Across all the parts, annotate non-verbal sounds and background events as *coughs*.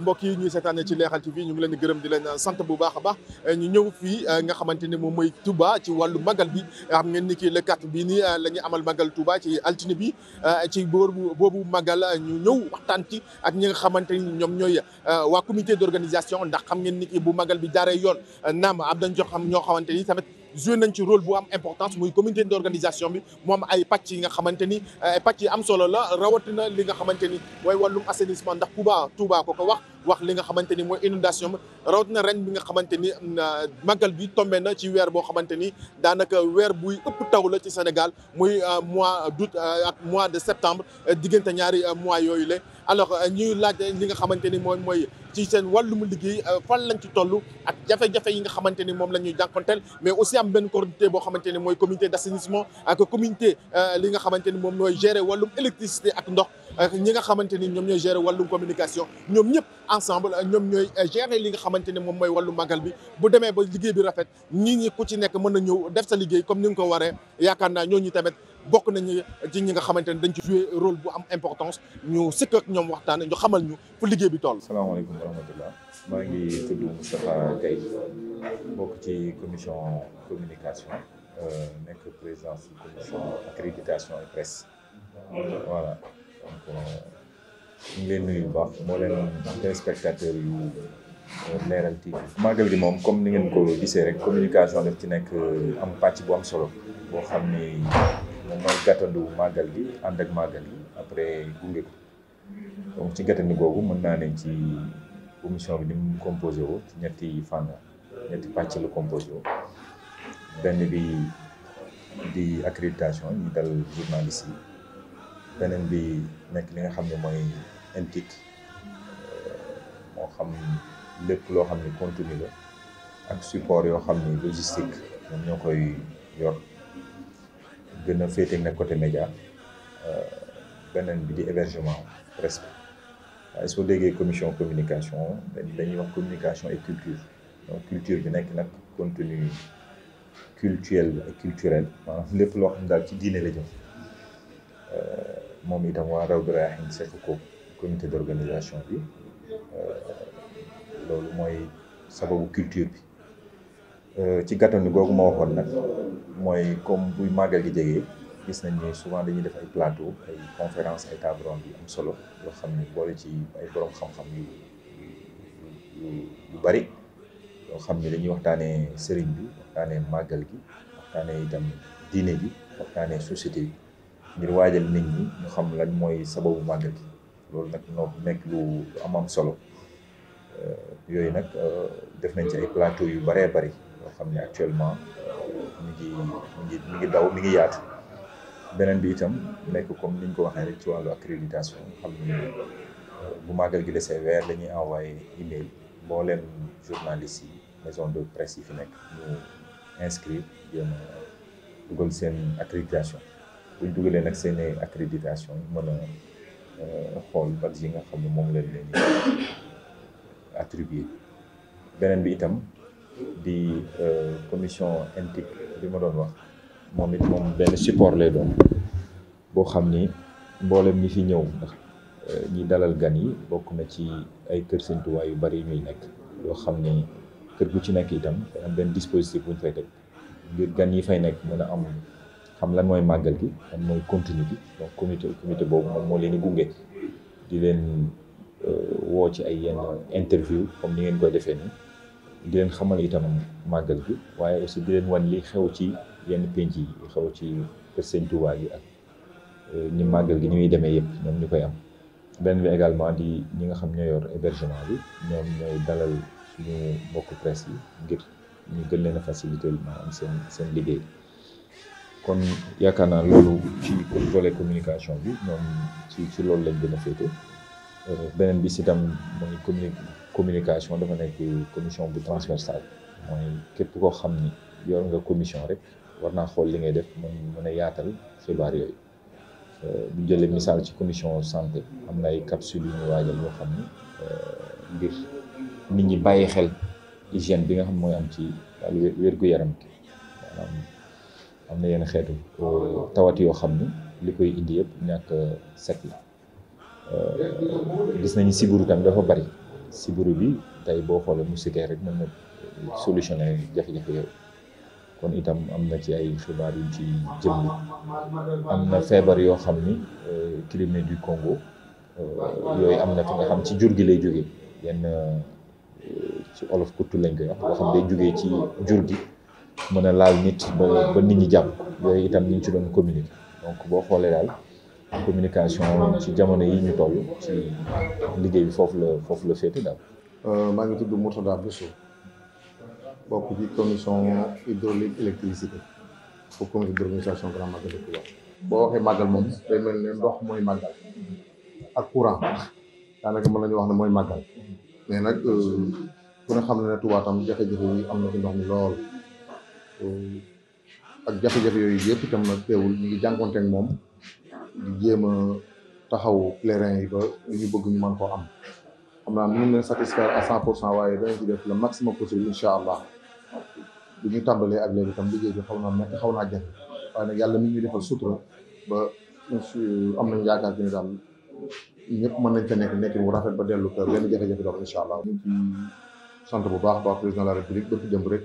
mbokk yi ñuy seetaane ci Leral TV ñu ngi leen di gërëm di leen sant bu baax a baax ñu ñëw fii eh, nga xamante ni moom mooy Touba ci wàllu magal bi xam ngeen ni ki le 4 bii nii eh, la ñuy amal magal Touba ci altine bi eh, ci boobu boobu magal ñu ñëw waxtaan ci ak ñi nga xamante ni ñoom ñooy waa comité d'organisation ndax xam ngeen ni ki bu magal bi jaaree yoon naam am dañ jox xam ñoo xamante ni tamit joué nañ ci rôle bu am importance muy comité d'organisation bi moom ay pàcc yi nga xamante ni ay pàcc yi am solo la rawatina li nga xamante ni mooy wàllum assainissement ndax Touba Touba ko ko wax wax li nga xamante ni mooy inondation bi rawatina ren bi nga xamante ni màggal bi tombé na ci weer boo xamante ni daanaka weer buy ëpp taw la ci Sénégal muy euh, mois d'août euh, ak mois de septembre diggante ñaari euh, mois yooyu la alors euh, ñuy laaj li nga xamante ni moom mooy ci seen wàllum liggéey euh, fan lañ ci toll ak jafe-jafe yi nga xamante ni moom la ñuy jànkonteel mais aussi am benn comité boo xamante ni mooy comité d'assainissement ak euh, li nga xamante ni moom mooy gérer wàllum électricité ak ndox ñi nga xamante ni ñoom ñooy gérer wàllum communication ñoom ñëpp ensemble ñoom ñooy gérer li nga xamante ni moom mooy wàllu màggal bi bu demee ba liggéey bi rafet ñii ñi ku ci nekk mën na ñëw def sa liggéey comme ni nga ko waree yaakaar naa ñooñu tamit bokk nañu ci ñi nga xamante ne dañ ci joué role bu am importance ñu sëkk ñoom waxtaan ñu xamal ñu fu liggéey bi toll. salaamaaleykum wa rahmatullah maa ngi tudd Moustapha Gaye bokk ci commission communication euh, nekk présidence commission accréditation et presse voilà donc euh, leen nuyu bu baax moo leen téléspectateurs yu leeral TV màggal gi moom comme ni ngeen ko gisee rek communication daf ci nekk euh, am pàcc bu am solo boo xam ni moom mooy gàttandu màggal gi ànd ak màggal gi après gunge ko donc ci gàttandu googu mën naa ne ci commission bi ni mu composé woo ci ñetti fànn ñetti pàcc la composé benn bi di accréditation ñu dal journaliste yi beneen bi nekk li nga xam ne mooy intit euh, moo xam lépp loo xam ne contenu la ak support yoo xam ne logistique ñoom ñoo koy yor gën a féete nag côté média euh, beneen bi di hébergement presque waaye soo déggee commission communication dañuy wax communication et culture donc culture bi nekk nag contenu culturel et culturel maanaam lépp loo xam daal ci diine la jëm euh, moom itam waa Rawdu Rayaahiin sekk ko comité d'organisation bi euh, loolu mooy sababu culture bi Euh, ci gàttandu googu ma waxoon nag mooy comme buy màggal gi jege gis nañ ni souvent dañuy def ay plateau ay conférence ay table solo yoo xam ni boole ci ay borom xam yu yu bari yoo xam ni dañuy waxtaanee sëriñ bi waxtaanee màggal gi waxtaanee itam diine bi waxtaanee société bi ngir waajal nit ñi ñu xam lan mooy sababu màggal gi loolu nag nekk lu am solo euh, yooyu nag euh, def nañ ci ay plateau yu baree bari xam ne actuellement euh, mi ngi mi ngi daw mi ngi yaatu beneen bi itam nekk comme niñ ko waxee rek ci wàllu accréditation xam ne euh, bu màggal gi desee weer la ñuy envoyé email mbooleem journaliste yi maison de presse yi fi nekk ñu inscrire dugal seen accréditation bu ñu dugalee nag seen accréditation mën a euh, xool badge yi nga xam ne moom leen leen *coughs* attribué beneen bi itam bi euh, commission NTIC bi ma doon wax moom it moom benn support lay doon boo xam ni mboolem ñi fi ñëw ndax euh, ñi dalal gan yi bokk na ci ay kër Sëñ yu bari ñuy nag yoo xam ni kër gu ci nekk itam day dispositif bu ñu fay ngir gan yi fay nekk mën am xam lan mooy màggal gi lan mooy continue bi donc comité comité boobu moom moo leen gunge di leen euh, woo ci ay yenn interview comme ni ngeen koy defee nii. di leen xamal itam màggal gi waaye aussi di leen wan li xew ci yenn penc yi yu xew ci kër sëñ yi ak eh, ni màggal gi ñu muy demee yëpp ñoom ñu koy am benn bi également di ñi nga xam ñoo yor hébergement bi ñoom ñooy dalal suñu mbokku yi ngir ñu gën leen a faciliter maanaam seen seen liggéey yaakaar naa loolu communication bi ñoom ci ci loolu lañ gën a féete eh, beneen bi si mooy communication dafa nekk commission bu transversale mooy képp koo xam ni yor nga commission rek war naa xool li ngay def mooy mën a yaatal xibaar yooyu euh, bu jëlee misaal ci commission santé am na ay capsule yu ñu xam ni euh, ngir nit ñi bàyyi xel hygiène bi nga xam mooy am ci wàllu wér-gu-yaram ki am na yenn xeetu euh, tawat yoo xam ni li koy indi yëpp ñàkk set la gis nañu siburu tam dafa bari sibiru bi tey boo xoolee mu rek mën na solutionné jafe-jafe yooyu kon itam am na ci ay xibaar yu ci jëm am na feebar yoo xam ni euh, Crimée du Congo euh, yooyu am na fi nga xam ci jur gi lay jógee yenn euh, ci olof kuttu lañ koy wax boo xam day jógee ci jur gi mën a laal nit ba ba nit ñi jàpp yooyu itam ñu ngi ci doon communiqué donc boo xoolee daal. communication ci jamono yi ñu toll ci liggéey bi foofu la foofu la féete daal. Euh, maa ngi tudd Mourtada Bousso bokk ci commission hydraulique électricité pour comité d'organisation grand magal boo waxee màggal moom day mel ne ndox mooy màggal ak courant daanaka mën nañu wax ne mooy màggal mais nag euh, ku ne xam ne ne Touba tam jafe yi am na ci ndox mi lool euh, ak jafe-jafe yooyu yëpp itam nag teewul ñu ngi jànkuwanteeg moom. di jéem a taxawu pèlerin yi ba li ñu bëgg ñu man koo am xam naa mënuñ leen satisfaire à cent pour cent waaye danañ ci def la maximum possible incha allah bu ñu tàmbalee ak léegi itam liggéey bi xaw naa xaw naa jafe waaye yàlla mi ngi defal sutura ba am nañ yaakaar ci ne daal ñëpp mën nañ fa nekk nekk bu rafet ba dellu kër benn jafe-jafe doon incha allah ñu ci sant bu baax baax président de la république ba fi jëm rek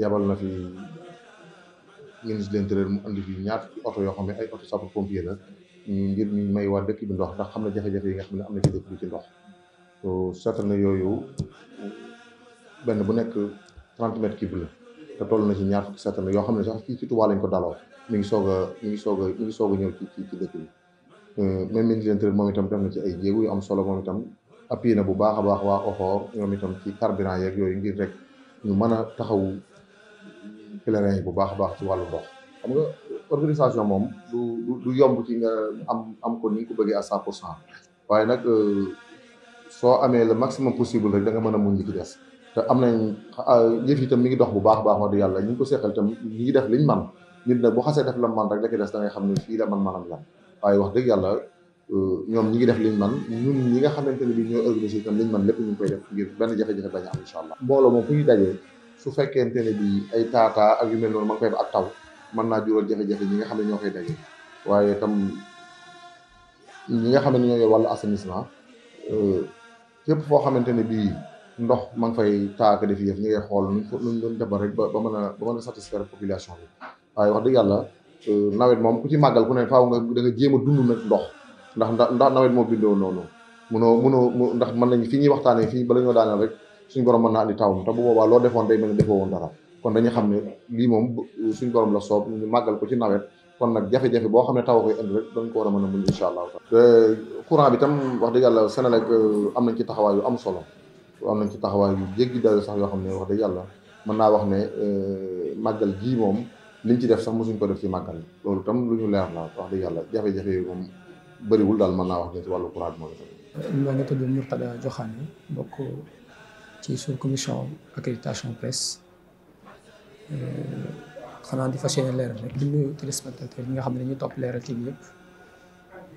yabal na fi ministre de l'intérieur mu indi fi ñaat oto yoo xam ne ay oto sapeur ngir ñu may waa dëkk bi ndox ndax xam na jafe-jafe yi nga xam ne am na ci dëkk bi ci ndox seetal na yooyu benn bu nekk trente mètres cube te toll na ci ñaar fukki seetal yoo xam ne sax ci ci Tuubaa lañ ko daloo mi ngi soog a mi ngi soog a mi ngi soog a ñëw ci ci ci dëkk bi euh, moom itam def na ci ay jéego yu am solo moom itam appuyé na bu baax a baax waa Oxoor ñoom itam ci carburant yeeg yooyu ngir rek ñu mën a taxaw pèlerin yi bu baax a baax ci wàllu ndox organisation moom du du yomb ci nga am am ko eh, ni ñu ko bëggee à cent pour cent waaye nag soo amee la maximum possible rek da nga mën a muñ li ci des te am na yëf tam mi ngi dox bu baax baax yàlla ñu ngi ko seexal tam ñu ngi def liñ man nit xasee def la man rek la xam ne fii la man maanaam lan wax dëgg yàlla ñoom ñi ngi def liñ man ñun ñi nga xamante ne bii ñooy organisé tam liñ man lépp ñu ngi koy def ngir benn jafe-jafe bañ a am incha allah mbooloo moom fu ñu dajee su fekkente ne ay taataa ak yu mel noonu ma ngi koy ak taw mën naa jural jafe-jafe ñi nga xam ne ñoo koy daje waaye tam ñi nga xam ne ñoo yor wàllu assainissement euh, képp foo xamante ne bii ndox ma ngi fay taaka def yëf ñi ngay xool nu ñu doon defar rek ba ba mën a ba a satisfaire population waaye wax dëgg yàlla euh, nawet moom ku ci màggal ku ne faaw nga da a dund nag ndox ndax ndax nawet moo bindoo noonu munoo munoo ndax mën nañ fi ñuy waxtaanee fii bala ñoo daaneel rek suñ borom mën naa andi tawam te bu boobaa defoon day mel ne defoo kon dañu xam ne lii moom suñ borom la soob ñu màggal ko ci nawet kon nag jafe-jafe boo xam ne taw koy indi rek dañ ko war a mën a muñ incha allahu taala te courant bi tam wax dëgg yàlla Senelec euh, am nañ ci taxawaay yu am solo am nañ ci taxawaay yu jéggi dayo sax yoo xam ne wax dëgg yàlla mën naa wax ne euh, màggal jii moom liñ ci def sax mosuñ ko def ci màggal loolu tam lu ñu leer la wax dëgg yàlla jafe-jafe moom bëriwul daal mën naa wax ne ci wàllu courant bi moom itam maa ngi tudd Mourtada Joxaane bokk ci sous commission accréditation presse xanaa di fas yéene leeral rek di nga xam ne dañuy topp leeral ci yëpp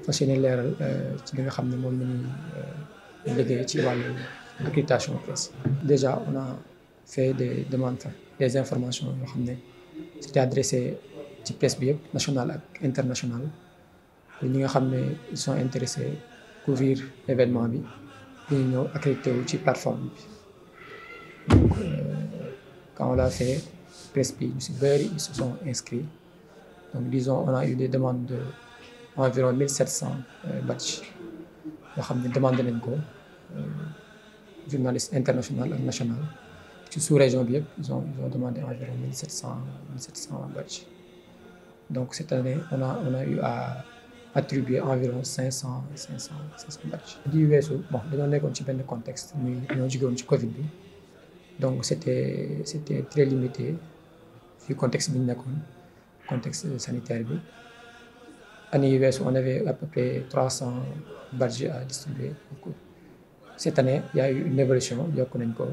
fas yéene leeral euh, ci li nga xam ne moom la ñuy euh, liggéey ci wàllu accréditation presse. déjà on a fait des demandes des information yoo xam ne c'était adressé ci presse bi yëpp national ak international ñi nga xam ne ils sont intéressés couvrir événement bi dañu ñëw accrédité wu ci plateforme bi donc euh, quand on presse bi ñu si bëri ils se sont inscrits donc disons on a eu des demandes de cent euh, batch yoo xam ne demandé nañ ko euh, journaliste international ak national ci sous-région bi yëpp ils ont ils ont demandé cent mille cent batch donc cette année on a eu à attribuer environ cinq cinq cent cinq cent batch di weesu bon dañoo nekkoon ci benn contexte muy ñoo jógewoon ci Covid bi donc c'était c'était très limité ci contexte bi ñu nekkoon contexte sanitaire bi année yu weesu on avait à peu près trois cent budget à distribuer donc cette année y a eu une évolution yokk nañ ko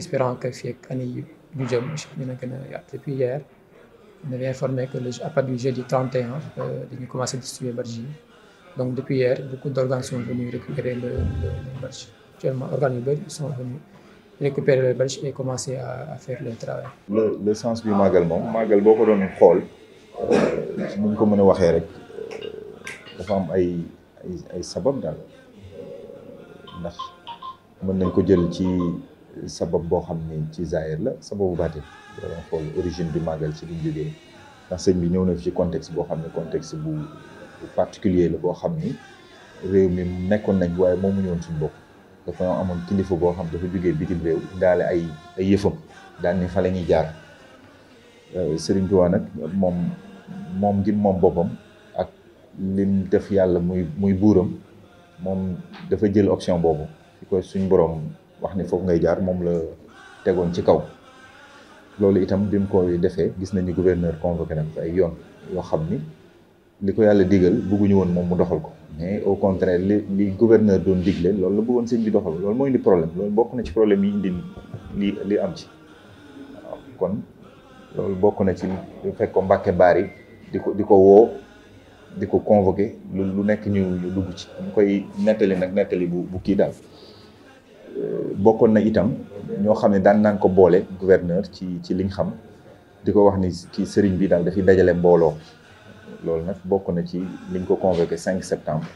espérant que fii ak année yi ñu jëm dina gën a yaat depuis hier on avait informé que le à partir du jeudi 31 dañu commencé yi donc depuis hier beaucoup d'organes sont venus récupérer le le actuellement organes yu bëri sont venus récupérer les bâches et commencer à, à faire le travail. sens bi màggal moom màggal boo ko doon xool euh, ni ñu ko mën a waxee rek euh, dafa am ay ay ay sabab daal ndax mën nañ ko jël ci sabab boo xam ni ci zaahir la sababu baatin boo doon xool origine bi màggal ci liñ jógee ndax sëñ bi ñëw na fi ci contexte boo xam ne contexte bu particulier la boo xam ni réew mi nekkoon nañ waaye moom mu ñëwoon suñu bokk dafa amoon kilifa boo xam dafa jógee bitim réew daale ay ay yëfam daal ni fa la ñuy jaar euh, sëriñ Touba nag moom moom ngir moom boppam ak lim def yàlla muy muy buuram moom dafa jël option boobu fi ko suñ borom wax ni foog ngay jaar moom la tegoon ci kaw loolu itam bi koy ko defee gis nañu gouverneur convoqué nag ay yoon yoo xam ni li ko yàlla digal bëgguñu woon moom mu doxal ko mais au contraire li li gouverneur doon digle loolu la bëggoon sëñ bi doxal lool moo indi problème loolu bokk na ci problème yi indi li am ci kon loolu bokk na ci lu fekk ko Mbàkke Baari di ko di ko woo di ko convoqué lu nekk ñu dugg ci ñu koy nettali nag nettali bu bu kii daal euh, bokkoon na itam ñoo xam ne daan naan ko boole gouverneur ci ci liñ xam di ko wax ni kii sëriñ bi daal dafay dajale mbooloo loolu nag bokk na ci liñ ko convoqué cinq septembre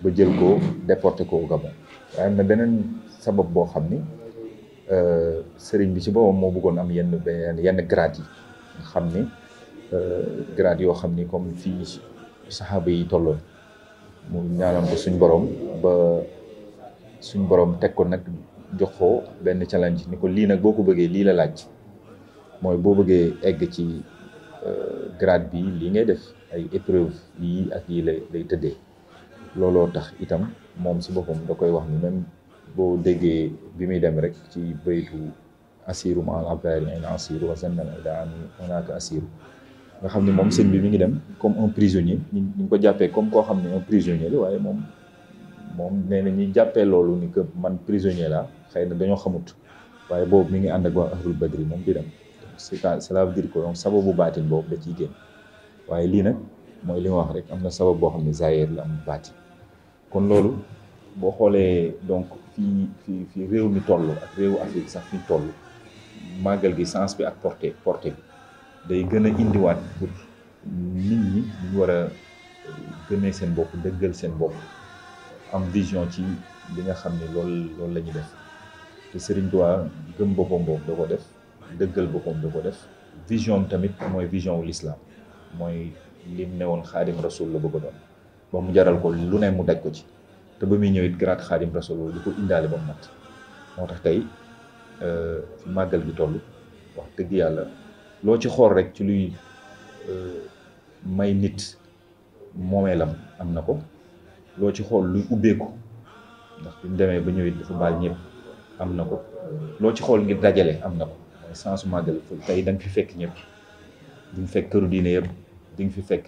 ba jël ko déporté ko au waaye am na beneen sabab boo xam ni euh, sëriñ bi ci boppam moo bëggoon am yenn benn yenn grade yi xam ni euh, grade yoo xam ni comme fii saxaaba yi tolloon mu ñaanoon ko suñ borom ba suñ borom teg ko nag jox ko benn challenge ni ko lii nag boo ko bëggee lii la laaj mooy boo bëggee egg ci euh, grade bi lii ngay def ay épreuve yii ak yii lay lay tëddee looloo tax itam moom si boppam da koy wax ni même boo déggee bi muy dem rek ci baytu asiru ma al abari in asiru wa zannal idaani onaka asiru nga xam ne moom sëñ bi mi ngi dem comme un prisonnier ñu ngi ko jàppee comme koo xam ne un prisonnier la waaye moom moom nee na ñuy jàppee loolu ni que man prisonnier la xëy na dañoo xamut waaye boobu mi ngi ànd ak waa ahlul badri moom di dem c'est ça veut dire que donc sababu baatin boobu da ciy waaye lii nag mooy li ma wax rek am na sabab boo xam ne zaahir la am baati kon loolu boo xoolee donc fii fii fii réew mi toll ak réewu Afrique sax fi toll màggal gi sens bi ak porté porté bi day gën a indiwaat pour nit ñi ñu war a gëmee seen bopp dëggal seen bopp am vision ci li nga xam ne lool loolu la ñuy def te Serigne Touba gëm boppam boobu da ko def dëggal boppam da ko def vision tamit mooy vision wu l'islam mooy lim ne woon xaadim rasul la bëgg a doon ba mu jaral ko lu ne mu daj ko ci te ba muy ñëwit garaat xaadim rasul loolu li ko indaale ba mu mat moo tax tey euh, fi màggal gi toll wax dëgg yàlla loo ci xool rek ci luy euh, may nit moomeelam am na ko loo ci xool luy ubbeeku ndax bu ñu demee ba ñëwit dafa baal ñëpp am na ko loo ci xool ngir dajale am na ko mooy sensu màggal tey da nga fi fekk ñëpp di nga fekk këru diine yëpp di fi fekk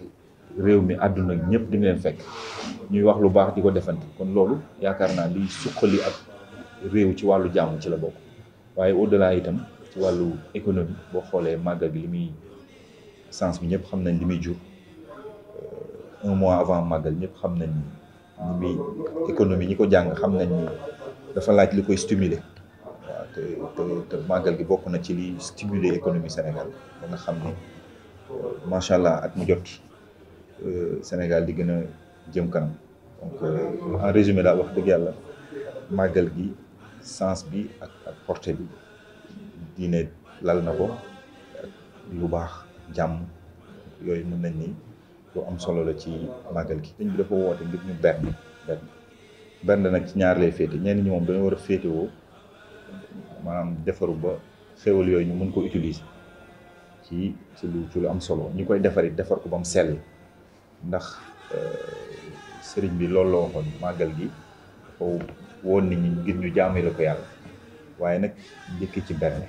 réew mi àdduna ñëpp di leen fekk ñuy wax lu baax di ko defante kon loolu yaakaar naa liy suqali ak réew ci wàllu jàmm ci la bokk waaye au delà itam ci wàllu économie boo xoolee màggal gi li muy sens bi ñëpp xam nañ li muy jur euh, un mois avant màggal ñëpp xam nañ ni muy économie ñi ko jàng xam nañ ni dafa laaj li koy stimuler waaw te te te màggal gi bokk na ci liy stimuler économie Sénégal ba xam ne macha allah at mu jot euh, Sénégal di gën a jëm kanam donc euh, en résumé daal wax dëgg yàlla màggal gi sens bi ak ak portée bi diine lal na ko lu baax jàmm yooyu mën nañ ni lu am solo la ci màggal gi. sëñ bi dafa woote ngir ñu benn benn benn nag ci ñaar lay féete ñenn ñi moom dañoo war a féetewoo maanaam defaru ba xéwal yooyu ñu mun ko utilise ci ci lu ci lu am solo ñu koy defaree defar ko ba mu sell ndax euh, sëriñ bi loolu la waxoon màggal gi dafa woon nit ñi ngir ñu jaamee la ko yàlla waaye nag njëkk ci benn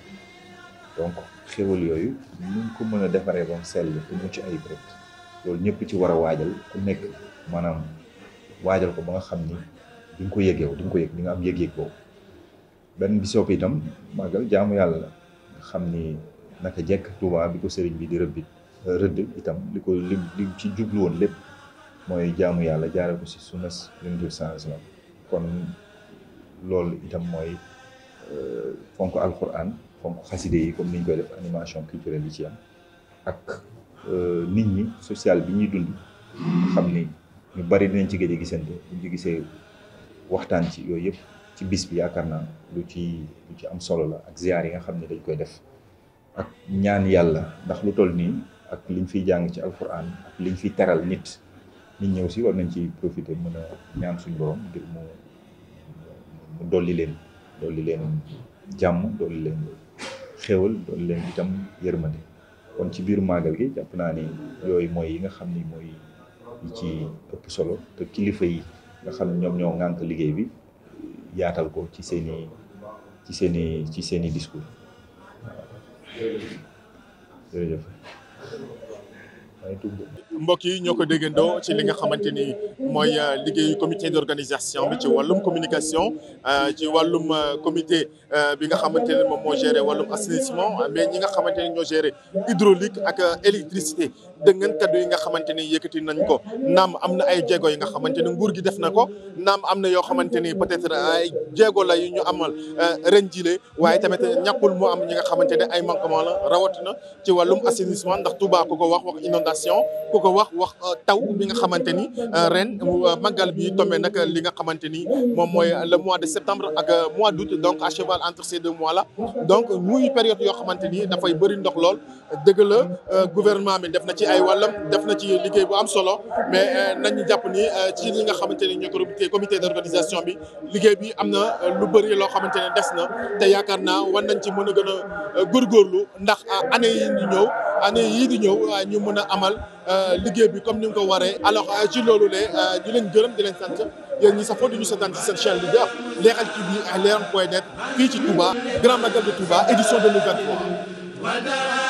donc xéwal yooyu ñu ko mën a defaree ba mu sell te mu ci ayib rek loolu ñëpp ci war waajal ku nekk maanaam waajal ko ba nga xam ni di nga ko yëgeew di nga ko yëg di nga am yëg-yëg boobu benn bi sopp itam màggal jaamu yàlla nga xam ni. naka jekk tubaa bi ko sëriñ bi di rëbbi rëdd itam li ko li ci jublu woon lépp mooy jaamu yàlla jaare ko si sunnas yonent bi sallallahu alayhi wasallam kon loolu itam mooy euh, fonk alquran fonk xaside yi comme niñ koy def animation culturelle bi ci am ak euh, nit ñi sociale bi ñuy dund xam ni ñu bari nañ ci gëj a gisante ci gisee waxtaan ci yooyu yëpp ci bis bi yaakaar naa lu ci lu ci am solo la ak ziar yi nga xam ne dañ koy def ak ñaan yàlla ndax lu toll nii ak liñ fiy jàng ci alquran ak liñ fi teral nit nit ñëw si war nañ ci profiter mën a ñaan suñ borom ngir mu dolli leen dolli leen jàmm dolli leen xéwal dolli leen itam yërmande kon ci biir màggal gi jàpp naa ni yooyu mooy yi nga xam ni mooy yi ci ëpp solo te kilifa yi nga xam ne ñoom ñoo liggéey bi yaatal ko ci seen i ci seen i discours jërëjëf jërëjëf mbokk yi ñoo ko déggandoo ci li nga xamante ni mooy euh, liggéeyu comité d'organisation bi ci wàllum communication euh, ci wàllum euh, comité bi nga xamante ne moom moo géré wàllum assainissement mais ñi nga xamante ni ñoo géré hydraulique ak électricité dëngan kaddu yi nga xamante ni yëkkati nañ ko naam am na ay jéego yi nga xamante ni nguur gi def na ko naam am na yoo xamante ni peut-être ay jéego la yu ñu amal ren jile waaye tamit ñàkkul mu am ñi nga xamante ne ay manquement la rawatina ci wàllum assainissement ndax Touba ko wax wax inondation ko wax wax euh, taw bi nga xamante ni euh, ren euh, màggal bi tombé nag li nga xamante ni moom mooy le mois de septembre ak mois d'août donc à cheval entre ces deux mois là donc muy période yoo xamante ni dafay bëri ndox lool dëgg la gouvernement bi def na ci ay wàllam def na ci liggéey bu am solo mais nañu jàpp ni ci li nga xamante ni ñoo ko comité d' bi liggéey bi am na lu bëri loo xamante ne des na te yaakaar naa war nañ ci mën a gën a góorgóorlu ndax lu yi ñu année yii di ñëw euh, ñu mën a amal euh, liggéey bi comme ni nga ko waree alors euh, ci loolu de di leen gërëm di leen sant yéen ñi safoo di ñu seetaan ci seen chaîne leader Leral TV ak Leral point net fii ci Touba Grand Magal de Touba édition 2023